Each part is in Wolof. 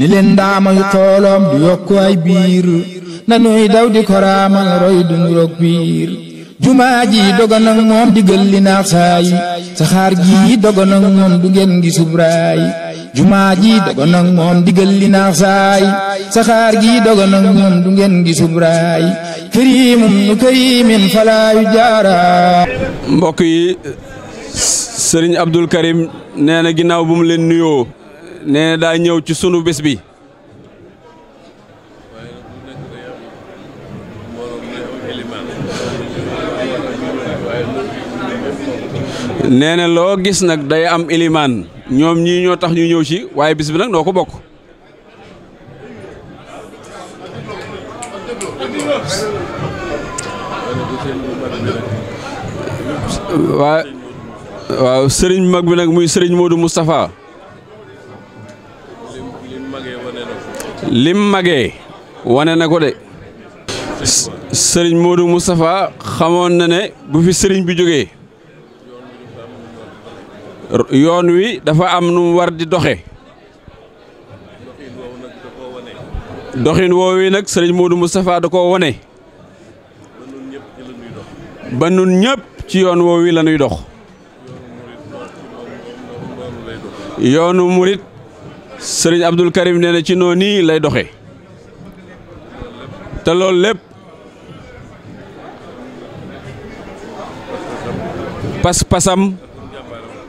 ni leen ndaama yu tooloom du yokku ay biir nanuy daw di koraamal roy dunu roog biir jumaa ji moom digal li saay saxaar gi dogon ak moom du ngeen gi subraay jumaa ji dogon ak moom digal li saay saxaar gi dogon moom du ngeen gi subraay këriimum nu këriimin falaayu jaara mbokk yi sëriñ Abdul Karim nee na ginnaaw bu mu leen nuyoo nee daa ñëw ci sunu bés bi nee na loo gis nag day am ilimaan ñoom ñii ñoo tax ñu ñëw ci waaye bis bi nag noo ko bokk waaw sëriñ mag bi nag muy sëriñ moodu Moustapha lim magee wane na ko de sëriñ Modou Moustapha xamoon na ne bu fi sëriñ bi jógee yoon wi dafa am nu war di doxe doxin woowi nag sëriñ Modou Moustapha da koo wone ba nun ñëpp ci yoon woowi la ñuy dox yoonu murit sëriñ Abdul Karim nee na ci noo nii lay doxe te loolu lépp pas-pasam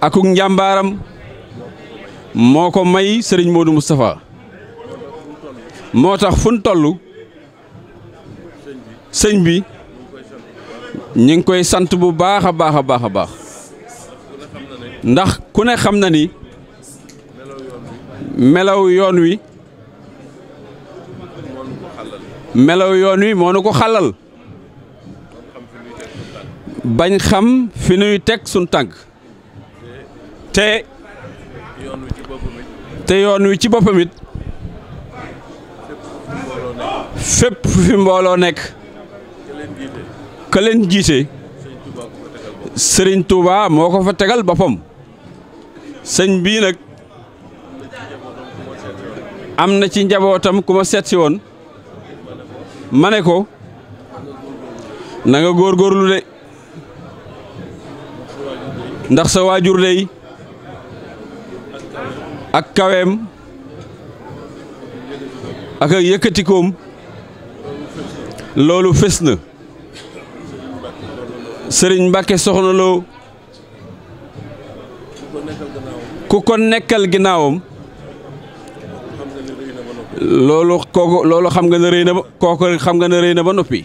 akuk njàmbaaram moo ko may sëriñ Modou Moustapha moo tax fun tollu sëñ bi ñu ngi koy sant bu baax a baax a baax a baax ndax ku ne xam na ni. melaw yoon wi melaw yoon wi moo nu ko xalal bañ xam fi nuy teg suñ tànk te te yoon wi ci boppamit it fépp fi mbooloo nekk ka leen jiite sëriñ Touba moo ko fa tegal boppam sëñ bii nag am na ci njabootam ku ma seet woon ma ne ko nanga góor góorgóorlu de ndax sa waajur dey ak kaweem ak ak yëkkatikoom loolu fés na sëriñ Mbàkke soxna loo ku ko nekkal ginnaawam loolu kooku loolu xam nga ne rëy na ba kooku na ba noppi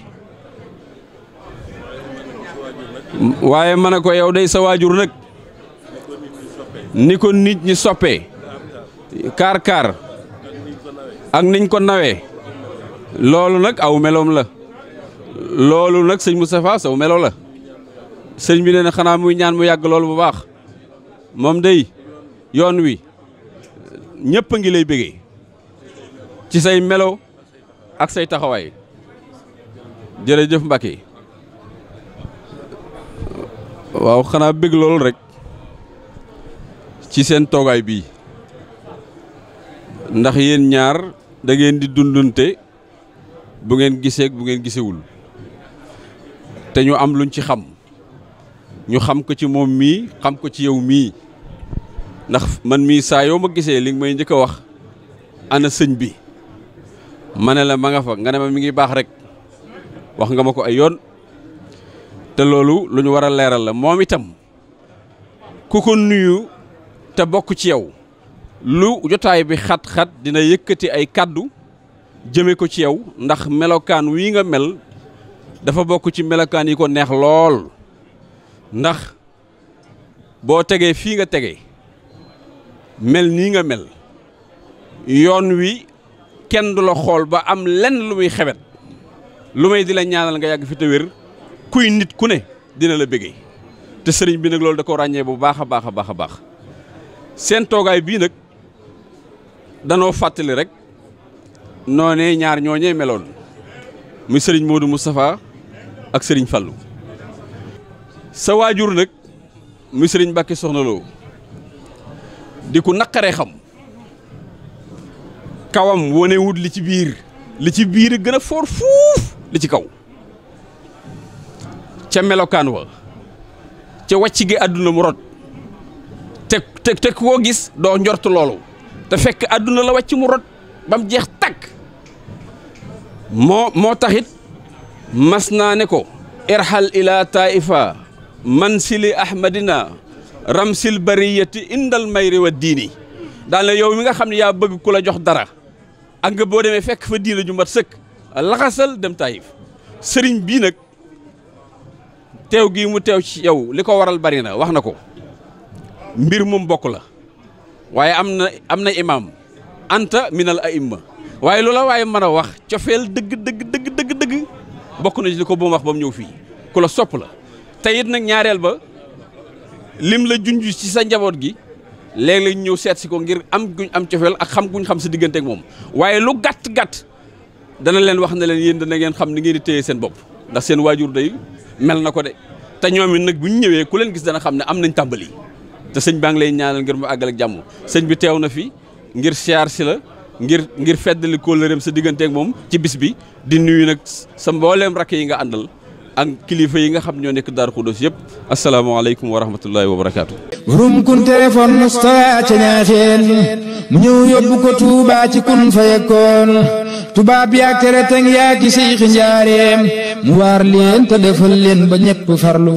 waaye ma ne ko yow day sa waajur nag ni ko nit ñi soppee kaar kaar ak niñ ko nawee loolu nag aw meloom la loolu nag sëñ Moustapha saw meloo la sëñ bi nen xanaa muy ñaan mu yàgg loolu bu baax moom day yoon wi ñëpp a ngi lay bëggee ci say melo ak say taxawaay jërëjëf Mbacke waaw xanaa bég loolu rekk ci seen toogaay bi ndax yéen ñaar dangeen di dundunte bu ngeen gisee bu ngeen gisewul te ñu am luñ ci xam ñu xam ko ci moom mii xam ko ci yow mii ndax man mii saa yow ma gisee li nga may njëkk a wax ana sëñ bi ma ne la ma nga fa nga ne ma mi ngi baax rek wax nga ma ko ay yoon te loolu lu ñu war a leeral la moom itam ku ko nuyu te bokk ci yow lu jotaay bi xat-xat dina yëkkati ay kàddu jëme ko ci yow ndax melokaan wii nga mel dafa bokk ci melokaan yi ko neex lool ndax boo tegee fii nga tege mel nii nga mel yoon wi kenn du la xool ba am lenn lu muy xewet lu may di la ñaanal nga yàgg fi te wér kuy nit ku ne dina la bëggee te sëriñ bi nag loolu da ko ràññee bu baax baaxa baax a baax seen toogaay bii nag danoo fàttali rek noonee ñaar ñooñee meloon muy sëriñ Modou Moustapha ak sëriñ Fallou sa waajur nag muy sëriñ Mbacke Soxna di ku naqaree xam. kawam wanewut li ci biir li ci biir gën a foor fuuf li ci kaw ca melokaan wa ca wàcc gi àdduna mu rot te te koo gis doo njort loolu te fekk àdduna la wàcc mu rot ba mu jeex takk moo moo taxit mas naa ne ko irxal ila taifa mansili ahmadina ramsil bariyati indal mayri wa diini daal na yow mi nga xam ne yaa bëgg ku la jox dara ak nga boo demee fekk fa diina ju mat sëkk laxasal dem Taïf sëriñ bii nag teew gi mu teew ci yow li ko waral bari na wax na ko mbir moom bokk la waaye am na am na imaam anta minal aimma waaye loola waaye mën a wax cofeel dëgg dëgg dëgg dëgg bokk na ci li ko bu wax ba mu ñëw fii ku la sopp la te it nag ñaareel ba lim la junj ci sa njaboot gi léeg-léeg ñëw seetsi ko ngir am guñ am cofeel ak xam guñ xam sa digganteek moom waaye lu gàtt gàtt dana leen wax ne leen yéen dana ngeen xam ni ngeen di téye seen bopp ndax seen waajur day mel na ko de te ñoom it nag bu ñu ñëwee ku leen gis dana xam ne am nañ tàmbali te sëñ baa ngi lay ñaanal ngir mu àggal ak jàmm sëñ bi teew na fi ngir siyaar si la ngir ngir feddali kóllëreem sa digganteek moom ci bis bi di nuyu nag sa mbooleem rakk yi nga àndal ak kilifa yi nga xam ñoo nekk Darou Khoudoss yëpp asalaamaaleykum wa rahmatullahi wa barakaatu. borom kun téléphone Moustapha ca ñaateel mu ñëw yóbbu ko Touba ci kun fa yekkoon tubaab yaag tere teng yaag ci mu waar leen te defal leen ba ñëpp farlu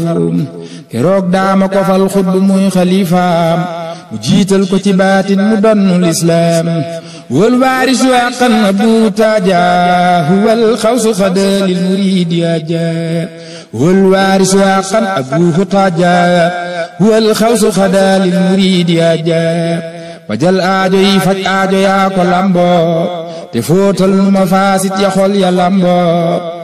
keroog daama ko fal xudd muy xalifaam. mu jiital ko ci baatin mu donnu lislaam wal waarisu àqan abu taaja huwal xawsu xadalil muridi aja wal waarisu àqan abu taaja huwal xawsu xadalil muridi aja fajal aajo yi faj aajo yaa ko lambo te fóotal nu ma faasit ya xol ya